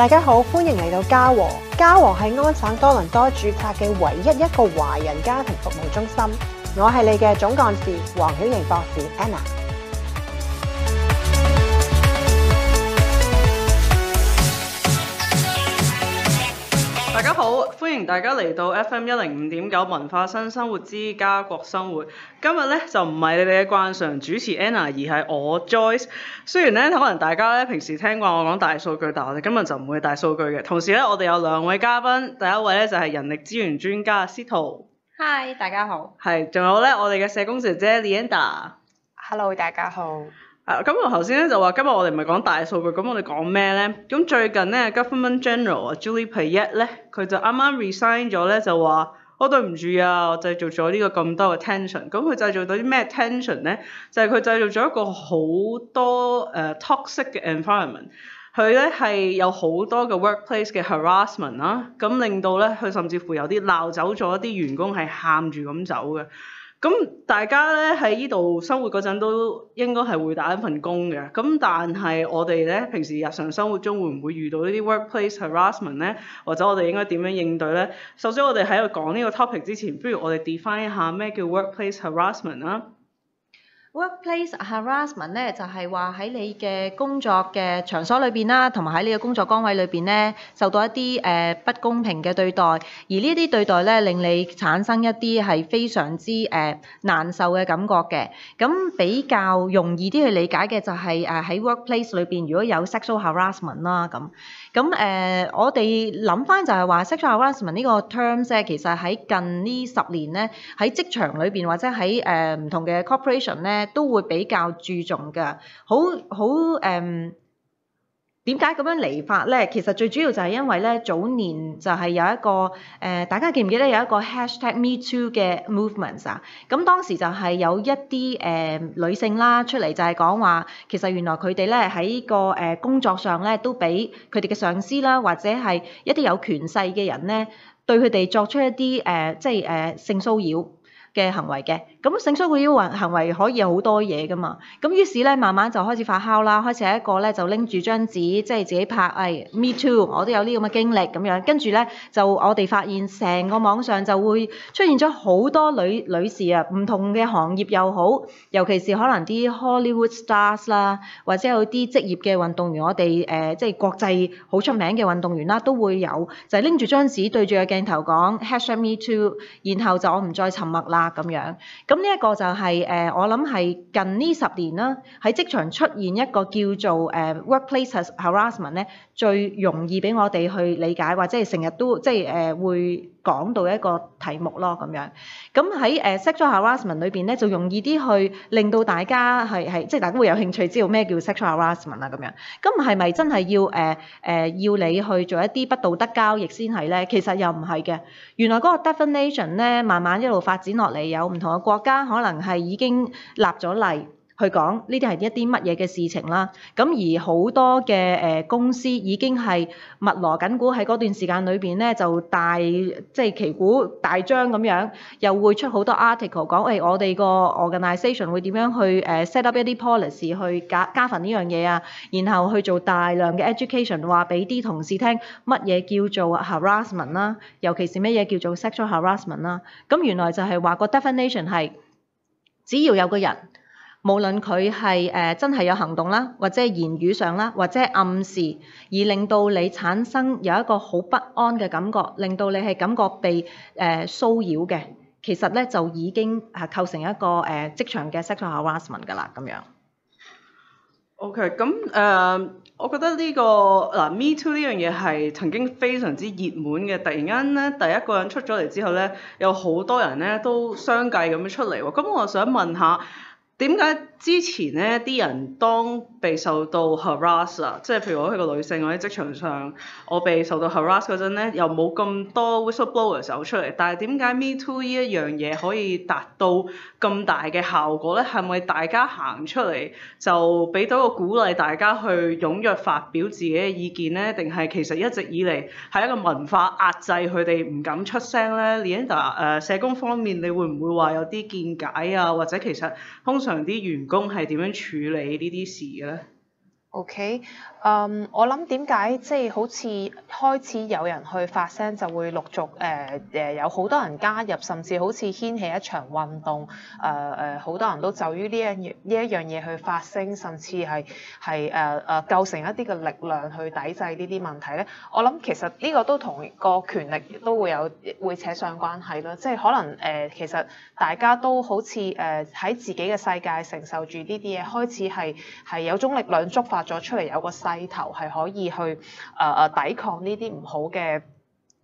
大家好，歡迎嚟到嘉禾。嘉禾係安省多倫多註冊嘅唯一一個華人家庭服務中心。我係你嘅總幹事黃曉瑩博士 Anna。好，歡迎大家嚟到 FM 一零五點九文化新生活之家國生活。今日咧就唔係你哋嘅慣常主持 Anna，而係我 Joyce。雖然咧可能大家咧平時聽慣我講大數據，但係我哋今日就唔會大數據嘅。同時咧，我哋有兩位嘉賓，第一位咧就係、是、人力資源專家司徒。Hi，大家好。係，仲有咧我哋嘅社工姐姐 Leanda。Hello，大家好。咁、啊、我頭先咧就話，今日我哋唔係講大數據，咁我哋講咩咧？咁最近咧，Government General 啊，Julie Payette 咧，佢就啱啱 resign 咗咧，就話：我對唔住啊，我製造咗呢個咁多嘅 tension。咁佢製造到啲咩 tension 咧？就係、是、佢製造咗一個好多誒 toxic 嘅 environment。佢咧係有好多嘅 workplace 嘅 harassment 啦，咁令到咧佢甚至乎有啲鬧走咗一啲員工，係喊住咁走嘅。咁大家咧喺呢度生活嗰陣都應該係會打一份工嘅，咁但係我哋咧平時日常生活中會唔會遇到呢啲 workplace harassment 咧？或者我哋應該點樣應對咧？首先我哋喺度講呢個 topic 之前，不如我哋 define 一下咩叫 workplace harassment 啦。Workplace harassment 咧就係話喺你嘅工作嘅場所裏面啦，同埋喺你嘅工作崗位裏面咧，受到一啲呃不公平嘅對待，而呢啲對待咧令你產生一啲係非常之呃難受嘅感覺嘅。咁比較容易啲去理解嘅就係呃喺 workplace 裏面，如果有 sexual harassment 啦咁，咁呃我哋諗返就係話 sexual harassment 這個 terms 咧，其實喺近呢10年咧喺職場裏面，或者喺呃唔同嘅 corporation 咧都會比較注重嘅，好好誒點解咁樣嚟法咧？其實最主要就係因為咧，早年就係有一個誒、呃，大家記唔記得有一個 hashtag Me Too 嘅 movement 啊？咁、嗯、當時就係有一啲誒、呃、女性啦出嚟，就係講話其實原來佢哋咧喺個誒、呃、工作上咧都俾佢哋嘅上司啦，或者係一啲有權勢嘅人咧，對佢哋作出一啲誒、呃，即係誒、呃、性騷擾。嘅行為嘅，咁性騷擾運行為可以有好多嘢噶嘛，咁、嗯、於是咧慢慢就開始發酵啦，開始係一個咧就拎住張紙，即係自己拍，誒、哎、Me too，我都有呢咁嘅經歷，咁樣跟住咧就我哋發現成個網上就會出現咗好多女女士啊，唔同嘅行業又好，尤其是可能啲 Hollywood stars 啦，或者有啲職業嘅運動員我哋誒、呃、即係國際好出名嘅運動員啦，都會有就拎住張紙對住個鏡頭講 Hashtag Me too，然後就我唔再沉默啦。啊，咁樣，咁呢一個就係、是、誒、呃，我諗係近呢十年啦，喺職場出現一個叫做誒 workplace harassment 咧，呃、Har ment，最容易俾我哋去理解，或者係成日都即係誒、呃、會。講到一個題目咯，咁樣，咁喺誒、呃、sexual harassment 裏邊咧，就容易啲去令到大家係係，即係大家會有興趣知道咩叫 sexual harassment 啊咁樣。咁係咪真係要誒誒、呃呃、要你去做一啲不道德交易先係咧？其實又唔係嘅。原來嗰個 definition 咧，慢慢一路發展落嚟，有唔同嘅國家可能係已經立咗例。佢講呢啲係一啲乜嘢嘅事情啦，咁而好多嘅誒、呃、公司已經係密鑼緊鼓喺嗰段時間裏邊咧，就大即係旗鼓大張咁樣，又會出好多 article 講，誒、哎、我哋個 organisation 會點樣去誒、呃、set up 一啲 policy 去加加分呢樣嘢啊，然後去做大量嘅 education，話俾啲同事聽乜嘢叫做 harassment 啦、啊，尤其是乜嘢叫做 sexual harassment 啦、啊，咁、嗯、原來就係話、那個 definition 係只要有個人。無論佢係誒真係有行動啦，或者言語上啦，或者暗示，而令到你產生有一個好不安嘅感覺，令到你係感覺被誒、呃、騷擾嘅，其實咧就已經係構成一個誒、呃、職場嘅 sexual harassment 㗎啦。咁樣。OK，咁誒，我覺得呢、呢個嗱、呃、Me Too 呢樣嘢係曾經非常之熱門嘅，突然間咧第一個人出咗嚟之後咧，有好多人咧都相繼咁樣出嚟喎。咁、嗯嗯、我想問下。點解之前咧啲人當被受到 harass 啊，即係譬如我係個女性，我喺職場上我被受到 harass 嗰陣咧，又冇咁多 whistleblower 走出嚟。但係點解 Me Too 呢一樣嘢可以達到咁大嘅效果咧？係咪大家行出嚟就俾到個鼓勵大家去踴躍發表自己嘅意見咧？定係其實一直以嚟係一個文化壓制佢哋唔敢出聲咧？Linda 誒社工方面，你會唔會話有啲見解啊？或者其實通常？啲員工係點樣處理呢啲事嘅咧？Okay。嗯，um, 我諗點解即係好似開始有人去發聲就會陸續誒誒、呃、有好多人加入，甚至好似掀起一場運動誒誒好多人都就於呢一,一樣呢一樣嘢去發聲，甚至係係誒誒構成一啲嘅力量去抵制呢啲問題咧。我諗其實呢個都同個權力都會有會扯上關係咯。即、就、係、是、可能誒、呃、其實大家都好似誒喺自己嘅世界承受住呢啲嘢，開始係係有種力量觸發咗出嚟，有個。勢頭係可以去誒誒、呃、抵抗呢啲唔好嘅。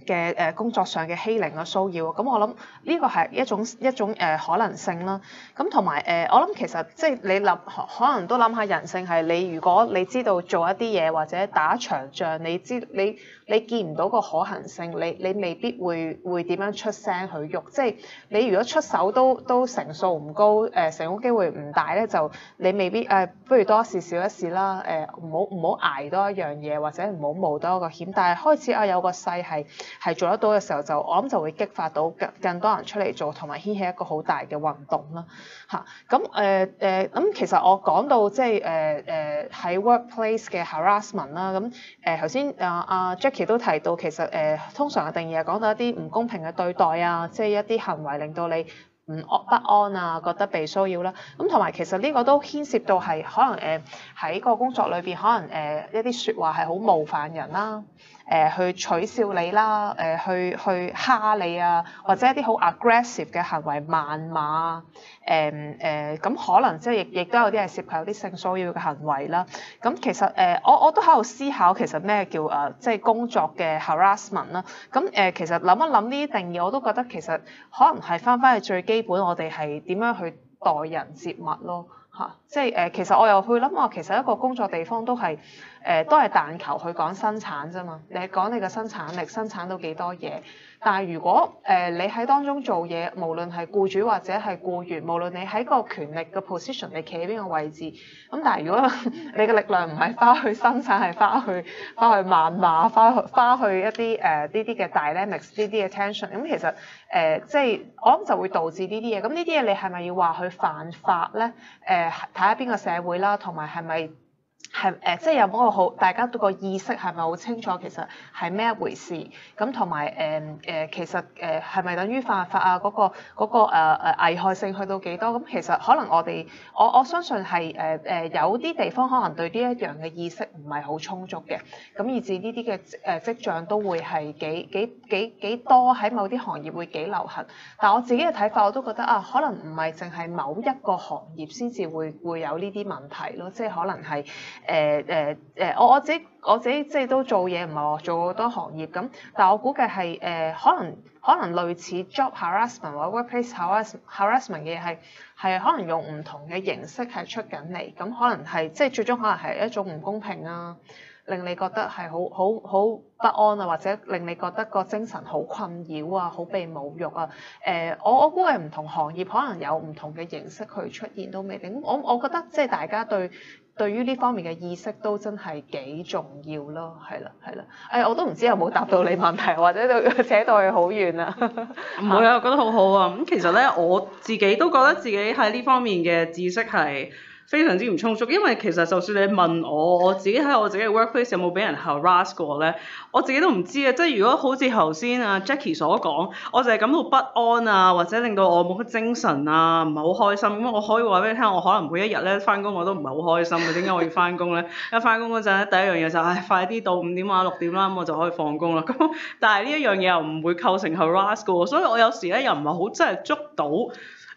嘅誒工作上嘅欺凌啊、騷擾啊，咁我諗呢個係一種一種誒可能性啦。咁同埋誒，我諗其實即係你諗可能都諗下人性係你，如果你知道做一啲嘢或者打長仗，你知你你見唔到個可行性，你你未必會會點樣出聲去喐。即係你如果出手都都成數唔高，誒、呃、成功機會唔大咧，就你未必誒、呃，不如多一事少一事啦。誒唔好唔好捱多一樣嘢，或者唔好冒多一個險。但係開始啊，有個勢係。係做得到嘅時候，就我諗就會激發到更更多人出嚟做，同埋掀起一個好大嘅運動啦。嚇、啊，咁誒誒，咁、呃、其實我講到即係誒誒喺 workplace 嘅 harassment 啦，咁誒頭先啊啊，啊 Jackie 都提到，其實誒、呃、通常嘅定義係講到一啲唔公平嘅對待啊，即係一啲行為令到你唔安不安啊，覺得被騷擾啦。咁同埋其實呢個都牽涉到係可能誒喺、呃、個工作裏邊可能誒、呃、一啲説話係好冒犯人啦。啊誒、呃、去取笑你啦，誒、呃、去去蝦你啊，或者一啲好 aggressive 嘅行為，謾罵啊，誒、呃、咁、呃呃、可能即係亦亦都有啲係涉及有啲性騷擾嘅行為啦。咁其實誒，我我都喺度思考，其實咩、呃、叫誒，即、呃、係工作嘅 harassment 啦、呃。咁誒，其實諗一諗呢啲定義，我都覺得其實可能係返返去最基本，我哋係點樣去待人接物咯。吓，即係誒，其實我又去諗，話，其實一個工作地方都係誒、呃，都係但求去講生產啫嘛。你講你嘅生產力，生產到幾多嘢？但係如果誒、呃、你喺當中做嘢，無論係僱主或者係僱員，無論你喺個權力嘅 position，你企喺邊個位置？咁但係如果呵呵你嘅力量唔係花去生產，係花去花去謾罵，花花去一啲誒呢啲嘅 dynamics，呢啲嘅 attention、嗯，咁其實誒即係我諗就會導致呢啲嘢。咁呢啲嘢你係咪要話去犯法咧？誒睇下邊個社會啦，同埋係咪？係誒，即係有冇個好，大家都個意識係咪好清楚？其實係咩一回事？咁同埋誒誒，其實誒係咪等於犯法啊？嗰個嗰個誒誒危害性去到幾多？咁其實可能我哋，我我相信係誒誒，有啲地方可能對呢一樣嘅意識唔係好充足嘅，咁以至呢啲嘅誒跡象都會係幾幾幾幾多喺某啲行業會幾流行。但我自己嘅睇法，我都覺得啊，可能唔係淨係某一個行業先至會會有呢啲問題咯，即係可能係。誒誒誒，我、呃、我自己、啊、我自己即係都做嘢，唔係話做好多行業咁。但係我估計係誒，可能可能類似 job harassment 或者 workplace harassment 嘅嘢係係可能用唔同嘅形式係出緊嚟。咁可能係即係最終可能係一種唔公平啊，令你覺得係好好好不安啊，或者令你覺得個精神好困擾啊，好被侮辱啊。誒、啊，我我估計唔同行業可能有唔同嘅形式去出現都未定。我我覺得即係大家對。對於呢方面嘅意識都真係幾重要咯，係啦，係啦。誒、哎，我都唔知有冇答到你問題，或者扯到去好遠啦。唔 會啊，我覺得好好啊。咁其實咧，我自己都覺得自己喺呢方面嘅知識係。非常之唔充足，因為其實就算你問我，我自己喺我自己嘅 workplace 有冇俾人 harass 過咧，我自己都唔知啊。即係如果好似頭先啊 Jackie 所講，我就係感到不安啊，或者令到我冇精神啊，唔係好開心。咁我可以話俾你聽，我可能每一日咧翻工我都唔係好開心嘅。點解我要翻工咧？一翻工嗰陣咧，第一樣嘢就係，唉，快啲到五點啊六點啦，咁我就可以放工啦。咁但係呢一樣嘢又唔會構成 harass 噶喎，所以我有時咧又唔係好真係捉到。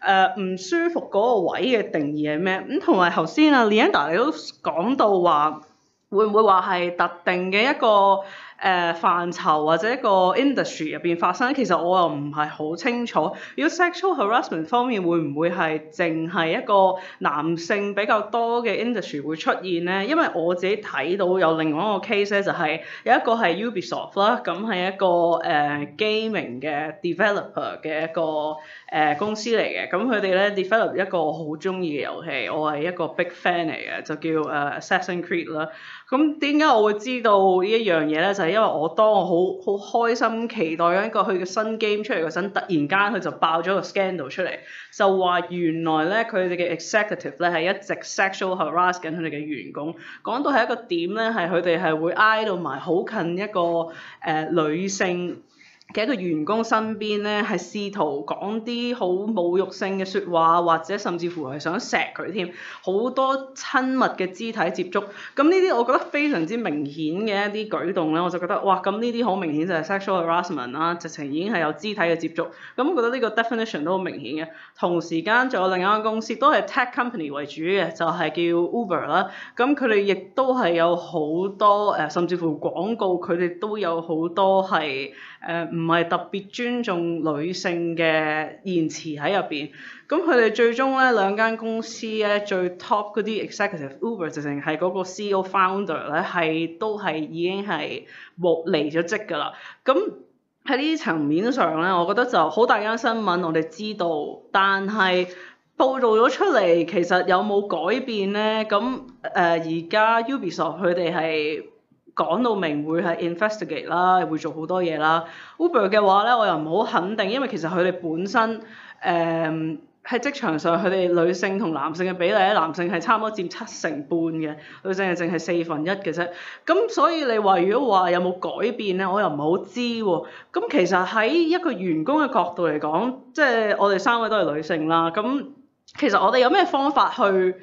誒，uh, 唔舒服嗰個位嘅定義係咩？咁同埋頭先啊，Leander，你都講到話，會唔會話係特定嘅一個？誒，範疇或者一個 industry 入邊發生，其實我又唔係好清楚。要 sexual harassment 方面會唔會係淨係一個男性比較多嘅 industry 會出現咧？因為我自己睇到有另外一個 case 咧，就係有一個係 Ubisoft 啦，咁係一個誒 gaming 嘅 developer 嘅一個誒公司嚟嘅，咁佢哋咧 develop 一個好中意嘅遊戲，我係一個 big fan 嚟嘅，就叫誒 Assassin’s Creed 啦。咁點解我會知道呢一樣嘢咧？就係因為我當我好好開心期待緊一個佢嘅新 game 出嚟嗰陣，突然間佢就爆咗個 scandal 出嚟，就話原來咧佢哋嘅 executive 咧係一直 sexual harass 緊佢哋嘅員工，講到係一個點咧，係佢哋係會挨到埋好近一個誒、呃、女性。企喺佢員工身邊咧，係試圖講啲好侮辱性嘅説話，或者甚至乎係想錫佢添，好多親密嘅肢體接觸。咁呢啲我覺得非常之明顯嘅一啲舉動咧，我就覺得哇！咁呢啲好明顯就係 sexual harassment 啦，直情已經係有肢體嘅接觸。咁我覺得呢個 definition 都好明顯嘅。同時間仲有另一間公司，都係 tech company 為主嘅，就係叫 Uber 啦。咁佢哋亦都係有好多誒，甚至乎廣告，佢哋都有好多係。誒唔係特別尊重女性嘅言辭喺入邊，咁佢哋最終咧，兩間公司咧，最 top 嗰啲 executive，Uber 就淨係嗰個 CEO founder 咧，係都係已經係冇離咗職㗎啦，咁喺呢啲層面上咧，我覺得就好大間新聞我哋知道，但係報導咗出嚟其實有冇改變咧？咁誒而家 Ubisoft 佢哋係。呃講到明會係 investigate 啦，又會做好多嘢啦。Uber 嘅話咧，我又唔好肯定，因為其實佢哋本身誒喺、嗯、職場上佢哋女性同男性嘅比例咧，男性係差唔多佔七成半嘅，女性係淨係四分一嘅啫。咁所以你話如果話有冇改變咧，我又唔好知喎。咁其實喺一個員工嘅角度嚟講，即係我哋三位都係女性啦。咁其實我哋有咩方法去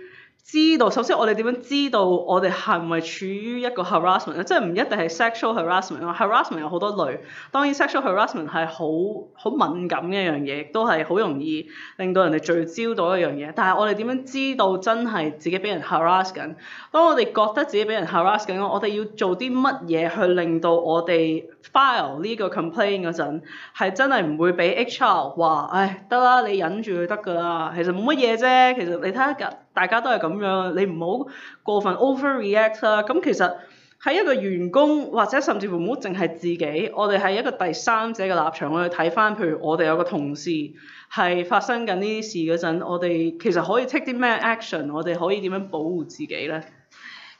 知道，首先我哋點樣知道我哋係咪係處於一個 harassment？即係唔一定係 sexual harassment 啊。harassment 有好多類，當然 sexual harassment 係好好敏感嘅一樣嘢，亦都係好容易令到人哋聚焦到一樣嘢。但係我哋點樣知道真係自己俾人 harass 緊？當我哋覺得自己俾人 harass 緊，我哋要做啲乜嘢去令到我哋？file 呢個 complain 嗰陣係真係唔會俾 HR 話，oh, okay，唉得啦，你忍住就得㗎啦，其實冇乜嘢啫。其實你睇下，大家都係咁樣，你唔好過分 overreact 啦。咁其實喺一個員工或者甚至乎唔好淨係自己，我哋喺一個第三者嘅立場去睇翻。譬如我哋有個同事係發生緊呢啲事嗰陣，我哋其實可以 take 啲咩 action，我哋可以點樣保護自己呢？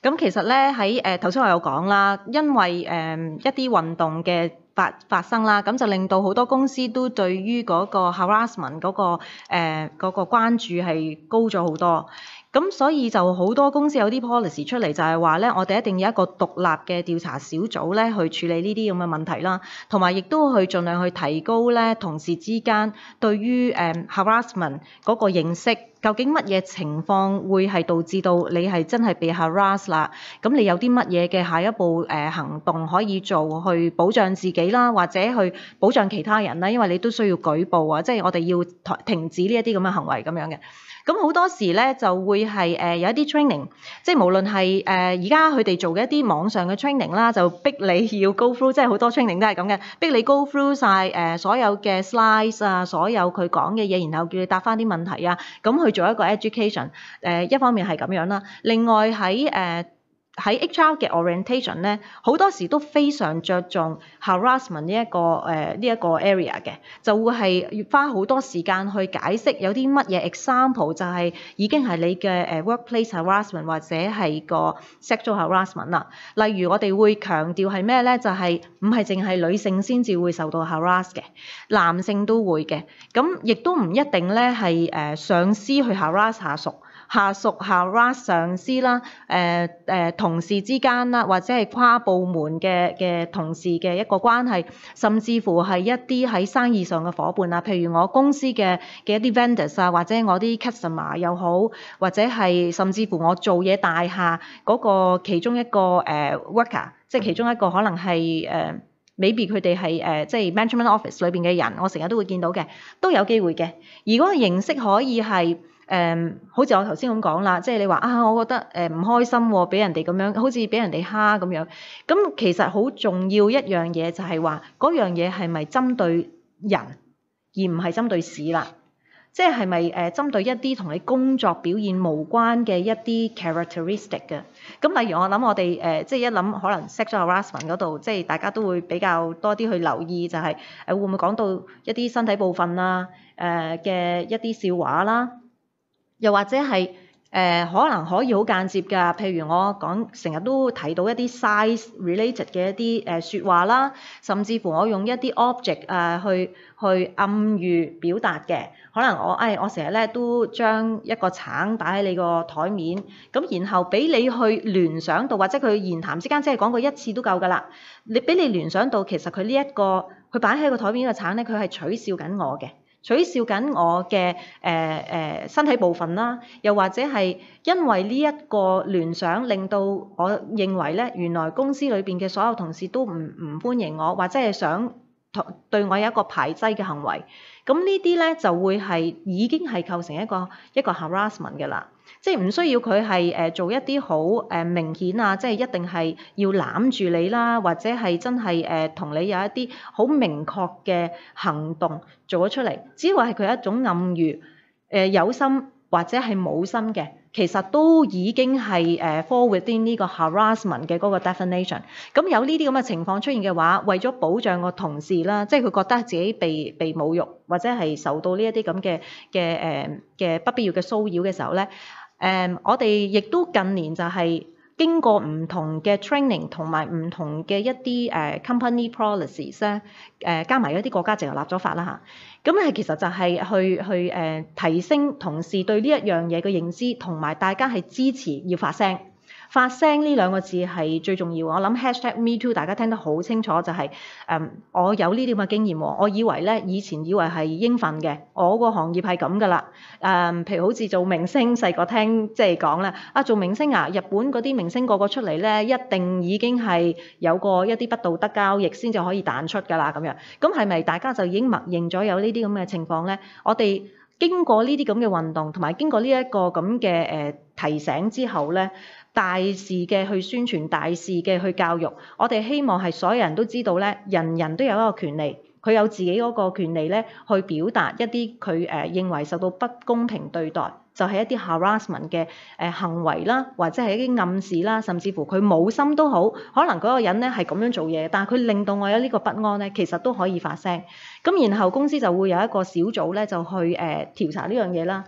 咁其實咧喺誒頭先我有講啦，因為誒、呃、一啲運動嘅發發生啦，咁就令到好多公司都對於嗰個 harassment 嗰、嗰個誒嗰、呃嗰個關注係高咗好多。咁所以就好多公司有啲 policy 出嚟，就係話咧，我哋一定要一個獨立嘅調查小組咧，去處理呢啲咁嘅問題啦。同埋亦都去盡量去提高咧同事之間對於誒、呃、harassment 嗰個認識。究竟乜嘢情況會係導致到你係真係被 harass 啦？咁你有啲乜嘢嘅下一步誒行動可以做去保障自己啦，或者去保障其他人啦？因為你都需要舉報啊，即係我哋要停止呢一啲咁嘅行為咁樣嘅。咁好多時咧就會係誒有一啲 training，即係無論係誒而家佢哋做嘅一啲網上嘅 training 啦，就逼你要 go through，即係好多 training 都係咁嘅，逼你 go through 晒誒所有嘅 slides 啊，所有佢講嘅嘢，然後叫你答翻啲問題啊，咁去做一個 education，誒、呃、一方面係咁樣啦，另外喺誒。呃喺 H.R. 嘅 orientation 咧，好多時都非常着重 harassment 呢一個誒呢一個 area 嘅，就會係要花好多時間去解釋有啲乜嘢 example 就係已經係你嘅誒 workplace harassment 或者係個 sexual harassment 啦。例如我哋會強調係咩咧？就係唔係淨係女性先至會受到 harass 嘅，男性都會嘅。咁亦都唔一定咧係誒上司去 harass 下屬。下屬、下 upper 上司啦，誒、呃、誒、呃、同事之間啦，或者係跨部門嘅嘅同事嘅一個關係，甚至乎係一啲喺生意上嘅伙伴啊，譬如我公司嘅嘅一啲 vendors 啊，或者我啲 customer 又好，或者係甚至乎我做嘢大廈嗰個其中一個誒、呃、worker，即係其中一個可能係誒、呃、maybe 佢哋係誒即係 management office 裏邊嘅人，我成日都會見到嘅，都有機會嘅。如果認識可以係，誒，um, 好似我頭先咁講啦，即係你話啊，我覺得誒唔、呃、開心、喎，俾人哋咁樣，好似俾人哋蝦咁樣。咁、嗯、其實好重要一樣嘢就係話，嗰樣嘢係咪針對人而唔係針對事啦？即係係咪誒針對一啲同你工作表現無關嘅一啲 characteristic 嘅？咁、嗯、例如我諗我哋誒、呃，即係一諗可能 sexual harassment 嗰度，即係大家都會比較多啲去留意、就是，就係誒會唔會講到一啲身體部分啦、啊，誒、呃、嘅一啲笑話啦、啊。又或者係誒、呃，可能可以好間接㗎。譬如我講成日都提到一啲 size related 嘅一啲誒說話啦，甚至乎我用一啲 object 啊、呃、去去暗喻表達嘅。可能我誒、哎、我成日咧都將一個橙擺喺你個台面，咁然後畀你去聯想到，或者佢言談之間即係講過一次都夠㗎啦。你畀你聯想到其實佢呢一個佢擺喺個台面呢個橙咧，佢係取笑緊我嘅。取笑緊我嘅誒誒身體部分啦，又或者係因為呢一個聯想，令到我認為咧，原來公司裏邊嘅所有同事都唔唔歡迎我，或者係想同對我有一個排擠嘅行為。咁呢啲咧就會係已經係構成一個一個 harassment 嘅啦。即係唔需要佢係誒做一啲好誒明顯啊，即係一定係要攬住你啦，或者係真係誒同你有一啲好明確嘅行動做咗出嚟，只係話係佢一種暗喻，誒、呃、有心或者係冇心嘅，其實都已經係誒 fall within 呢個 harassment 嘅嗰個 definition。咁有呢啲咁嘅情況出現嘅話，為咗保障個同事啦，即係佢覺得自己被被侮辱或者係受到呢一啲咁嘅嘅誒嘅不必要嘅騷擾嘅時候咧。誒，um, 我哋亦都近年就係經過唔同嘅 training 同埋唔同嘅一啲誒、uh, company policies 咧、uh，加埋一啲國家直頭立咗法啦嚇，咁、啊、咧、嗯、其實就係去去誒、uh, 提升同事對呢一樣嘢嘅認知，同埋大家係支持要發聲。發聲呢兩個字係最重要。我諗 hashtag me too，大家聽得好清楚、就是，就係誒，我有呢啲咁嘅經驗、哦、我以為咧，以前以為係應份嘅，我個行業係咁噶啦。誒、嗯，譬如好似做明星，細個聽即係講咧，啊做明星啊，日本嗰啲明星個個出嚟咧，一定已經係有過一啲不道德交易先至可以彈出㗎啦咁樣。咁係咪大家就已經默認咗有呢啲咁嘅情況咧？我哋經過呢啲咁嘅運動，同埋經過呢一個咁嘅誒提醒之後咧。大事嘅去宣傳，大事嘅去教育，我哋希望係所有人都知道咧，人人都有一個權利，佢有自己嗰個權利咧，去表達一啲佢誒認為受到不公平對待，就係、是、一啲 harassment 嘅誒、呃、行為啦，或者係一啲暗示啦，甚至乎佢冇心都好，可能嗰個人咧係咁樣做嘢，但係佢令到我有呢個不安咧，其實都可以發聲。咁然後公司就會有一個小組咧，就去誒調、呃、查呢樣嘢啦。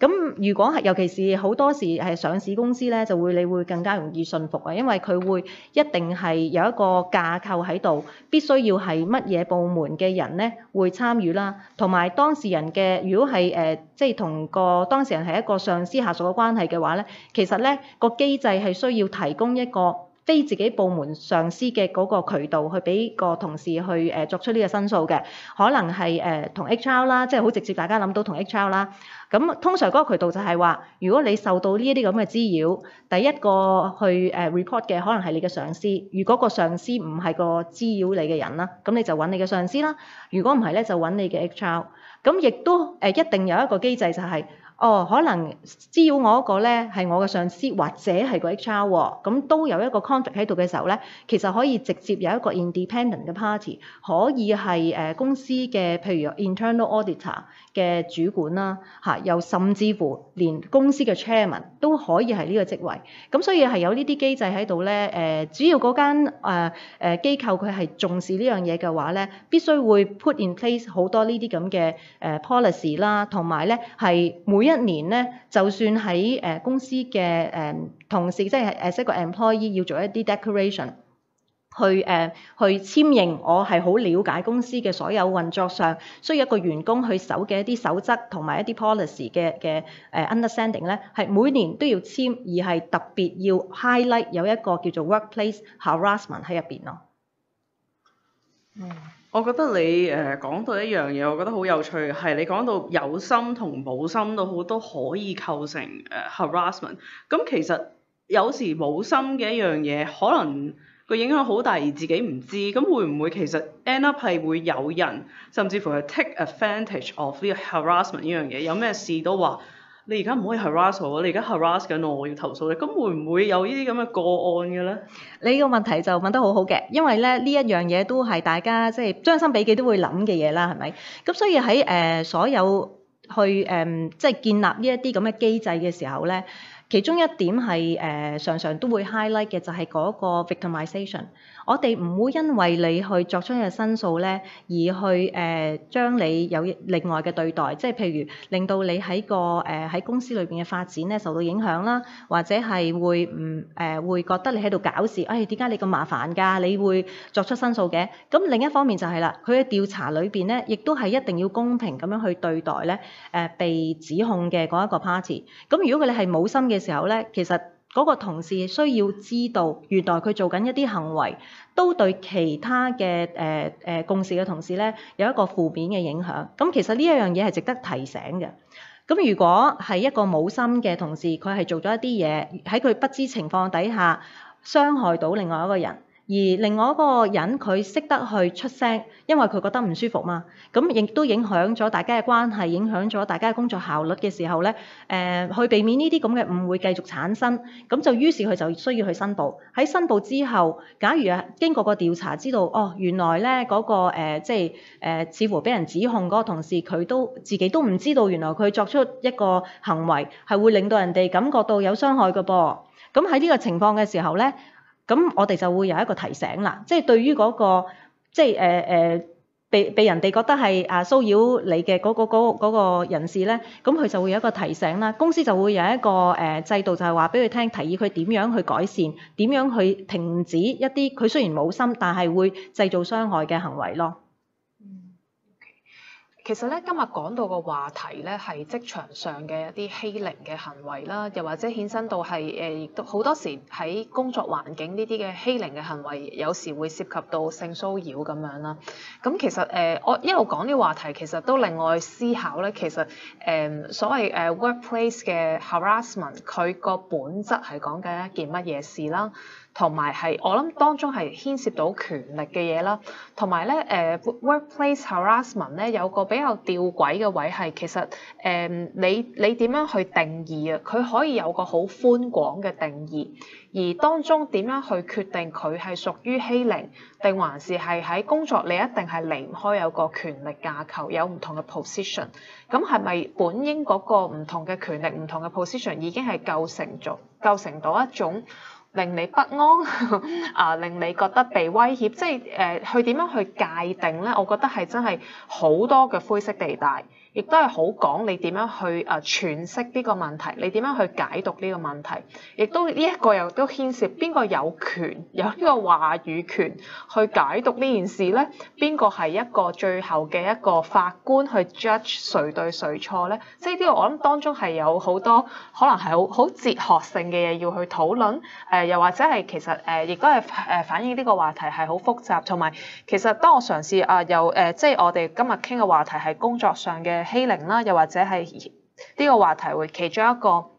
咁如果係，尤其是好多時係上市公司咧，就會你會更加容易信服啊，因為佢會一定係有一個架構喺度，必須要係乜嘢部門嘅人咧會參與啦，同埋當事人嘅，如果係誒即係同個當事人係一個上司下屬嘅關係嘅話咧，其實咧個機制係需要提供一個非自己部門上司嘅嗰個渠道去俾個同事去誒、呃、作出呢個申訴嘅，可能係同、呃、H R 啦，即係好直接，大家諗到同 H R 啦、啊。咁通常嗰個渠道就係話，如果你受到呢一啲咁嘅滋擾，第一個去、呃、report 嘅可能係你嘅上司。如果個上司唔係個滋擾你嘅人啦，咁、啊、你就揾你嘅上司啦、啊。如果唔係咧，就揾你嘅 H R、啊。咁亦都、呃、一定有一個機制就係、是。哦，可能只要我一個咧，係我嘅上司或者係個 HR，咁、哦嗯、都有一個 contact 喺度嘅時候咧，其實可以直接有一個 independent 嘅 party，可以係誒、呃、公司嘅譬如 internal auditor 嘅主管啦，吓、啊、又甚至乎連公司嘅 chairman 都可以係呢個職位。咁、嗯、所以係有呢啲機制喺度咧，誒、呃、主要嗰間誒誒機構佢係重視呢樣嘢嘅話咧，必須會 put in place 好多、呃 policy，啊、呢啲咁嘅誒 policy 啦，同埋咧係每一。一年咧，就算喺誒、呃、公司嘅誒同事，即係誒一個 employee 要做一啲 decoration，去誒、呃、去簽認我係好了解公司嘅所有運作上，需要一個員工去守嘅一啲守則同埋一啲 policy 嘅嘅誒、呃、understanding 咧，係每年都要簽，而係特別要 highlight 有一個叫做 workplace harassment 喺入邊咯。嗯。我覺得你誒、呃、講到一樣嘢，我覺得好有趣，係你講到有心同冇心都好都可以構成誒 harassment。咁、呃 Har 嗯、其實有時冇心嘅一樣嘢，可能個影響好大而自己唔知，咁、嗯、會唔會其實 end up 係會有人甚至乎係 take advantage of 呢個 harassment 呢樣嘢？有咩事都話？你而家唔可以 harass 我，你而家 harass 緊我，我要投訴你，咁會唔會有呢啲咁嘅個案嘅咧？你個問題就問得好好嘅，因為咧呢一樣嘢都係大家即係將心比己都會諗嘅嘢啦，係咪？咁所以喺誒、呃、所有去誒、呃、即係建立呢一啲咁嘅機制嘅時候咧，其中一點係誒、呃、常常都會 highlight 嘅就係嗰個 victimization。我哋唔會因為你去作出一個申訴咧，而去誒將、呃、你有另外嘅對待，即係譬如令到你喺個誒喺、呃、公司裏邊嘅發展咧受到影響啦，或者係會唔誒、呃、會覺得你喺度搞事，哎點解你咁麻煩㗎？你會作出申訴嘅。咁另一方面就係啦，佢嘅調查裏邊咧，亦都係一定要公平咁樣去對待咧誒、呃、被指控嘅嗰一個 party。咁如果佢哋係冇心嘅時候咧，其實。嗰個同事需要知道，原來佢做緊一啲行為，都對其他嘅誒誒共事嘅同事咧有一個負面嘅影響。咁其實呢一樣嘢係值得提醒嘅。咁如果係一個冇心嘅同事，佢係做咗一啲嘢，喺佢不知情況底下，傷害到另外一個人，而另外一個人佢識得去出聲，因為佢覺得唔舒服嘛，咁亦都影響咗大家嘅關係，影響咗大家嘅工作效率嘅時候咧，誒、呃、去避免呢啲咁嘅誤會繼續產生，咁就於是佢就需要去申報。喺申報之後，假如啊經過個調查知道，哦原來咧嗰、那個誒、呃、即係誒、呃、似乎俾人指控嗰個同事，佢都自己都唔知道原來佢作出一個行為係會令到人哋感覺到有傷害嘅噃，咁喺呢個情況嘅時候咧。咁我哋就會有一個提醒啦，即係對於嗰個即係誒誒被被人哋覺得係啊騷擾你嘅嗰個嗰嗰個人士咧，咁佢就會有一個提醒啦。公司就會有一個誒制度，就係話畀佢聽，提議佢點樣去改善，點樣去停止一啲佢雖然冇心，但係會製造傷害嘅行為咯。其實咧，今日講到個話題咧，係職場上嘅一啲欺凌嘅行為啦，又或者衍生到係誒，亦都好多時喺工作環境呢啲嘅欺凌嘅行為，有時會涉及到性騷擾咁樣啦。咁、嗯、其實誒、呃，我一路講呢個話題，其實都令我思考咧，其實誒、呃、所謂誒、呃、workplace 嘅 harassment，佢個本質係講緊一件乜嘢事啦？同埋係，我諗當中係牽涉到權力嘅嘢啦。同埋咧，誒、呃、workplace harassment 咧，有個比較吊詭嘅位係，其實誒、呃、你你點樣去定義啊？佢可以有個好寬廣嘅定義，而當中點樣去決定佢係屬於欺凌，定還是係喺工作，你一定係離唔開有個權力架構，有唔同嘅 position。咁係咪本應嗰個唔同嘅權力、唔同嘅 position 已經係構成咗構成到一種？令你不安 啊，令你覺得被威脅，即係誒，去、呃、點樣去界定咧？我覺得係真係好多嘅灰色地帶。亦都係好講你點樣去誒詮釋呢個問題，你點樣去解讀呢個問題，亦都呢一，這個又都牽涉邊個有權有呢個話語權去解讀呢件事咧？邊個係一個最後嘅一個法官去 judge 誰對誰錯咧？即係呢個我諗當中係有好多可能係好好哲學性嘅嘢，要去討論誒、呃、又或者係其實誒亦、呃、都係誒反映呢個話題係好複雜同埋其實當我嘗試啊又誒、呃、即係我哋今日傾嘅話題係工作上嘅。欺凌啦，又或者係呢個話題會其中一個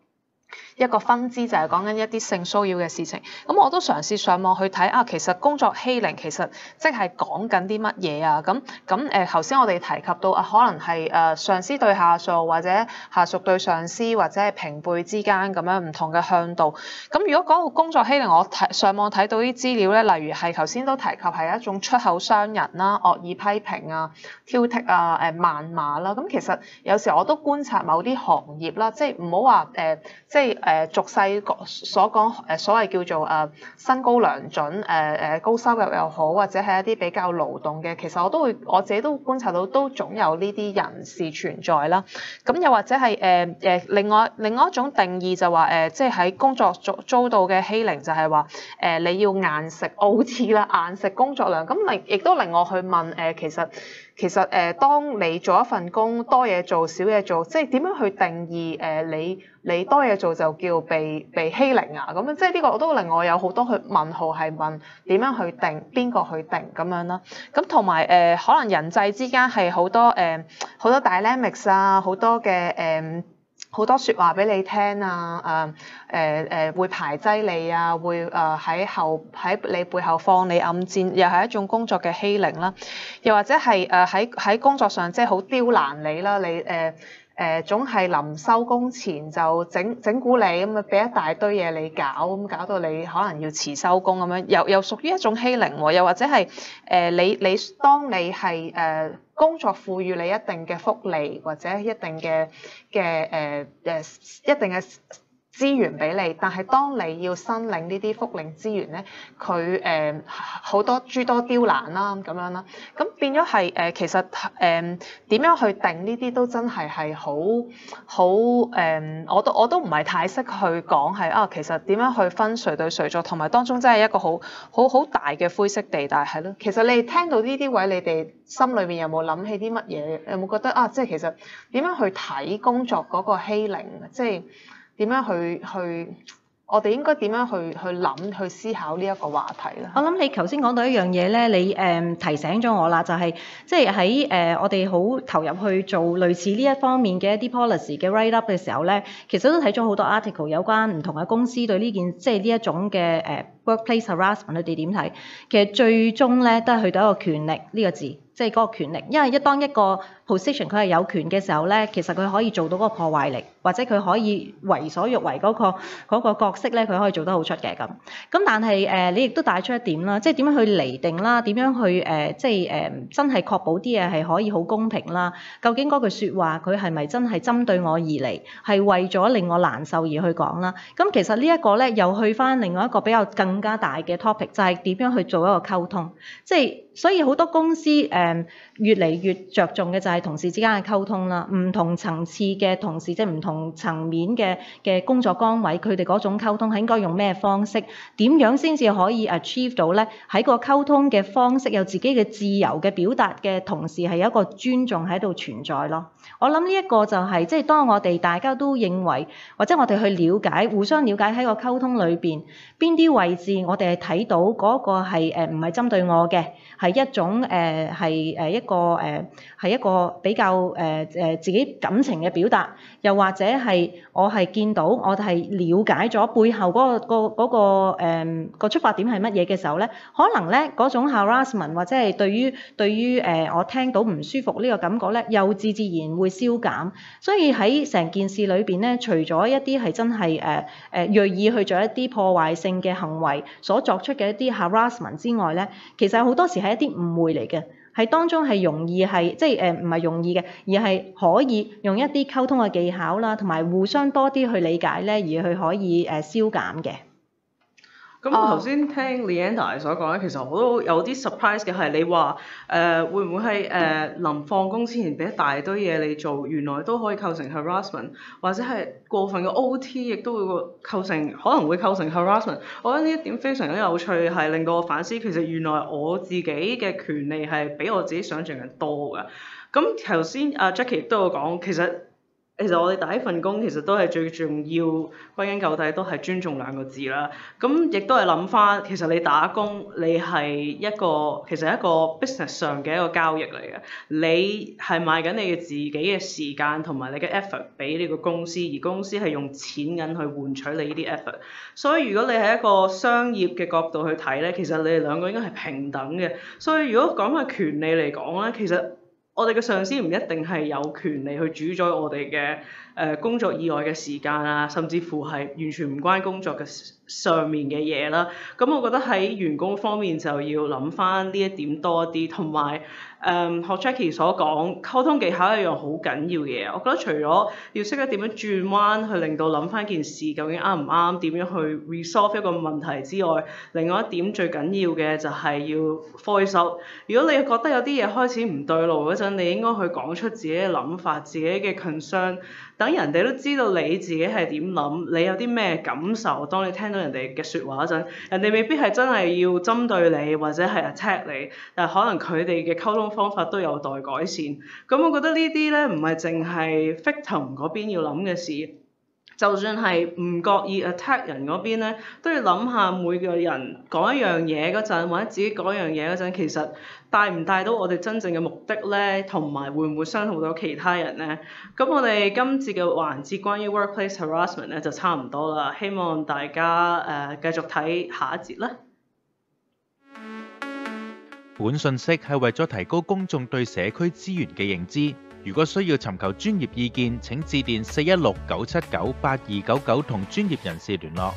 一個分支就係講緊一啲性騷擾嘅事情，咁我都嘗試上網去睇啊。其實工作欺凌其實即係講緊啲乜嘢啊？咁咁誒，頭先、呃、我哋提及到啊，可能係誒上司對下屬或者下屬對上司，或者係平輩之間咁樣唔同嘅向度。咁如果講到工作欺凌，我睇上網睇到啲資料咧，例如係頭先都提及係一種出口傷人啦、惡意批評啊、挑剔啊、誒謾罵啦。咁其實有時我都觀察某啲行業啦，即係唔好話誒，即係。誒俗、呃、世講所講誒、呃、所謂叫做誒、呃、身高良準誒誒、呃、高收入又好，或者係一啲比較勞動嘅，其實我都會我自己都觀察到，都總有呢啲人士存在啦。咁又或者係誒誒另外另外一種定義就話誒、呃，即係喺工作遭遭到嘅欺凌就，就係話誒你要硬食奧字啦，硬食工作量。咁令亦都令我去問誒、呃，其實。其實誒、呃，當你做一份工，多嘢做少嘢做，即係點樣去定義誒、呃、你你多嘢做就叫被被欺凌啊？咁樣即係呢個我都令我有好多去問號係問點樣去定邊個去定咁樣啦？咁同埋誒，可能人際之間係好多誒好、呃、多 dynamics 啊，好多嘅誒。好多説話俾你聽啊！誒誒誒會排擠你啊，會誒喺、呃、後喺你背後放你暗箭，又係一種工作嘅欺凌啦。又或者係誒喺喺工作上，即係好刁難你啦。你誒誒、呃、總係臨收工前就整整蠱你，咁啊俾一大堆嘢你搞，咁搞到你可能要遲收工咁樣，又又屬於一種欺凌喎。又或者係誒、呃、你你當你係誒。呃工作賦予你一定嘅福利，或者一定嘅嘅誒誒，一定嘅。資源俾你，但係當你要申領呢啲福利資源咧，佢誒好多諸多刁難啦、啊、咁樣啦，咁變咗係誒其實誒點、呃、樣去定呢啲都真係係好好誒，我都我都唔係太識去講係啊，其實點樣去分誰對誰錯，同埋當中真係一個好好好大嘅灰色地帶係咯。其實你哋聽到呢啲位，你哋心裏面有冇諗起啲乜嘢？有冇覺得啊？即係其實點樣去睇工作嗰個欺凌，即係。點樣去去？我哋應該點樣去去諗去思考呢一個話題咧、呃就是呃？我諗你頭先講到一樣嘢咧，你誒提醒咗我啦，就係即係喺誒我哋好投入去做類似呢一方面嘅一啲 policy 嘅 write up 嘅時候咧，其實都睇咗好多 article 有關唔同嘅公司對呢件即係呢一種嘅誒。呃 Workplace harassment，你哋點睇？其實最終咧都係去到一個權力呢個字，即係嗰個權力。因為一當一個 position 佢係有權嘅時候咧，其實佢可以做到嗰個破壞力，或者佢可以為所欲為嗰個嗰個角色咧，佢可以做得好出嘅咁。咁但係誒、呃，你亦都帶出一點啦，即係點樣去厘定啦？點樣去誒、呃，即係誒、呃、真係確保啲嘢係可以好公平啦？究竟嗰句説話佢係咪真係針對我而嚟？係為咗令我難受而去講啦？咁、嗯、其實呢一個咧又去翻另外一個比較更更加大嘅 topic 就係點樣去做一個溝通，即係。所以好多公司誒、嗯、越嚟越着重嘅就係同事之間嘅溝通啦，唔同層次嘅同事，即係唔同層面嘅嘅工作崗位，佢哋嗰種溝通係應該用咩方式？點樣先至可以 achieve 到咧？喺個溝通嘅方式有自己嘅自由嘅表達嘅同時，係有一個尊重喺度存在咯。我諗呢一個就係、是、即係當我哋大家都認為或者我哋去了解、互相了解喺個溝通裏邊邊啲位置我，我哋係睇到嗰個係誒唔係針對我嘅。係一種誒係誒一個誒係、呃、一個比較誒誒、呃呃、自己感情嘅表達，又或者係我係見到我係了解咗背後個個個誒個出發點係乜嘢嘅時候咧，可能咧嗰種 harassment 或者係對於對於誒、呃、我聽到唔舒服呢個感覺咧，又自自然會消減，所以喺成件事裏邊咧，除咗一啲係真係誒誒銳意去做一啲破壞性嘅行為所作出嘅一啲 harassment 之外咧，其實好多時喺～一啲誤會嚟嘅，喺當中係容易係即係誒唔係容易嘅，而係可以用一啲溝通嘅技巧啦，同埋互相多啲去理解咧，而去可以誒消減嘅。咁我頭先聽 Leonard 所講咧，其實我都有啲 surprise 嘅係你話誒、呃、會唔會係誒臨放工之前俾一大堆嘢你做，原來都可以構成 harassment，或者係過分嘅 OT 亦都會構成可能會構成 harassment。我覺得呢一點非常之有趣，係令到我反思其實原來我自己嘅權利係比我自己想象嘅多㗎。咁頭先阿、啊、Jackie 都有講，其實。其實我哋第一份工其實都係最重要，歸根究底都係尊重兩個字啦。咁、嗯、亦都係諗翻，其實你打工，你係一個其實一個 business 上嘅一個交易嚟嘅。你係賣緊你嘅自己嘅時間同埋你嘅 effort 俾呢個公司，而公司係用錢銀去換取你呢啲 effort。所以如果你喺一個商業嘅角度去睇咧，其實你哋兩個應該係平等嘅。所以如果講翻權利嚟講咧，其實我哋嘅上司唔一定係有權利去主宰我哋嘅誒工作以外嘅時間啊，甚至乎係完全唔關工作嘅上面嘅嘢啦。咁我覺得喺員工方面就要諗翻呢一點多啲，同埋，誒學、um, Jackie 所講，溝通技巧係一樣好緊要嘅。我覺得除咗要識得點樣轉彎去令到諗返件事究竟啱唔啱，點樣去 resolve 一個問題之外，另外一點最緊要嘅就係要放手。如果你覺得有啲嘢開始唔對路嗰陣，你應該去講出自己嘅諗法，自己嘅 concern。等人哋都知道你自己係點諗，你有啲咩感受，當你聽到人哋嘅説話嗰陣，人哋未必係真係要針對你，或者係 attack 你，但可能佢哋嘅溝通方法都有待改善。咁我覺得呢啲咧，唔係淨係 fictum 嗰邊要諗嘅事。就算係唔覺意 attack 人嗰邊咧，都要諗下每個人講一樣嘢嗰陣，或者自己講一樣嘢嗰陣，其實帶唔帶到我哋真正嘅目的咧，同埋會唔會傷害到其他人咧？咁我哋今次嘅環節關於 workplace harassment 咧就差唔多啦，希望大家誒、呃、繼續睇下一節啦。本信息係為咗提高公眾對社區資源嘅認知。如果需要尋求專業意見，請致電四一六九七九八二九九同專業人士聯絡。